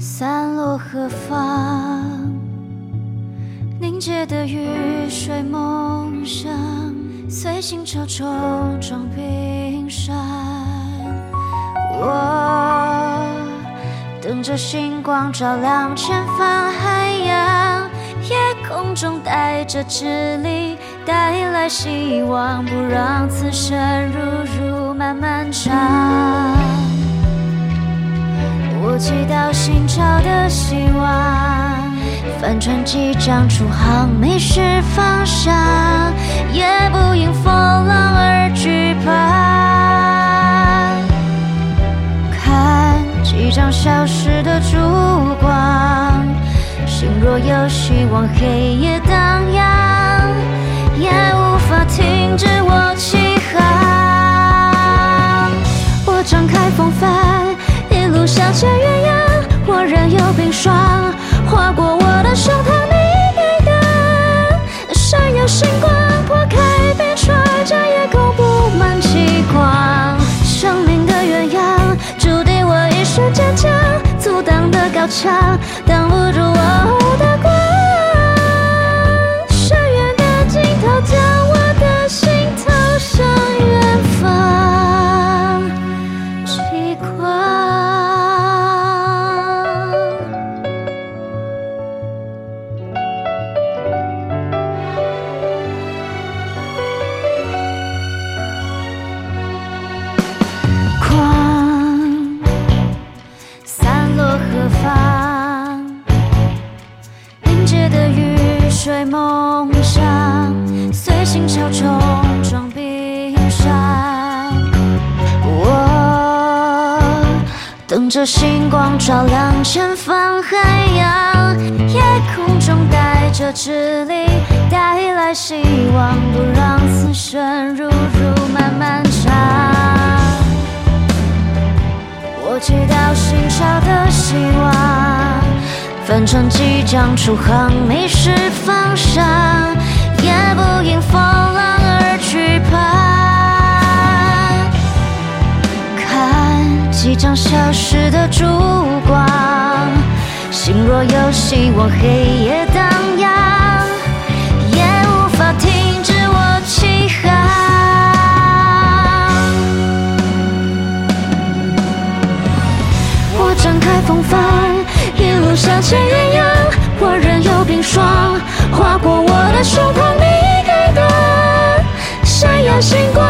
散落何方？凝結的雨水夢，夢想隨心潮衝撞冰山。我等着星光照亮前方海洋，夜空中帶着緻麗，帶來希望，不讓此生如如漫漫長。祈禱心潮的希望，帆船即將出航，迷失方向，也不因風浪而懼怕。看即將消失的燭光，心若有希望，黑夜蕩漾，也無法停止我啟航。擋不住我的光，深淵的盡頭將我的心投向遠方，極光。要衝撞冰山，我等着心光照亮前方海洋。夜空中帶着緻麗，帶來希望，不讓此生如如漫漫長。我祈禱心潮的希望，帆船即將出航，迷失方向，也不因風。消失的燭光，心若有希望，黑夜蕩漾，也無法停止我啟航。我張開風帆，一路向前遠洋，我任由冰霜畫過我的胸膛，你給的閃耀心光。